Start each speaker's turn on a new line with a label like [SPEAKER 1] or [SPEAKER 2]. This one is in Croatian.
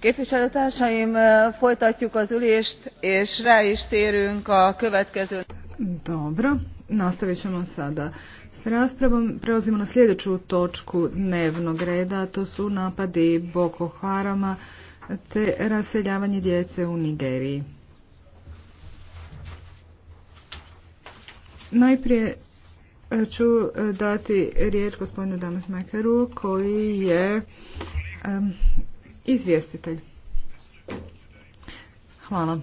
[SPEAKER 1] képviselőtársaim folytatjuk az ülést és rá is térünk a következő.
[SPEAKER 2] dobro nastavit ćemo sada s raspravom prelazimo na sljedeću točku dnevnog reda to su napadi boko harama te raseljavanje djece u nigeriji najprije e, ću e, dati riječ gospodinu damas mekeru koji je izvjestitelj.
[SPEAKER 3] Hvala.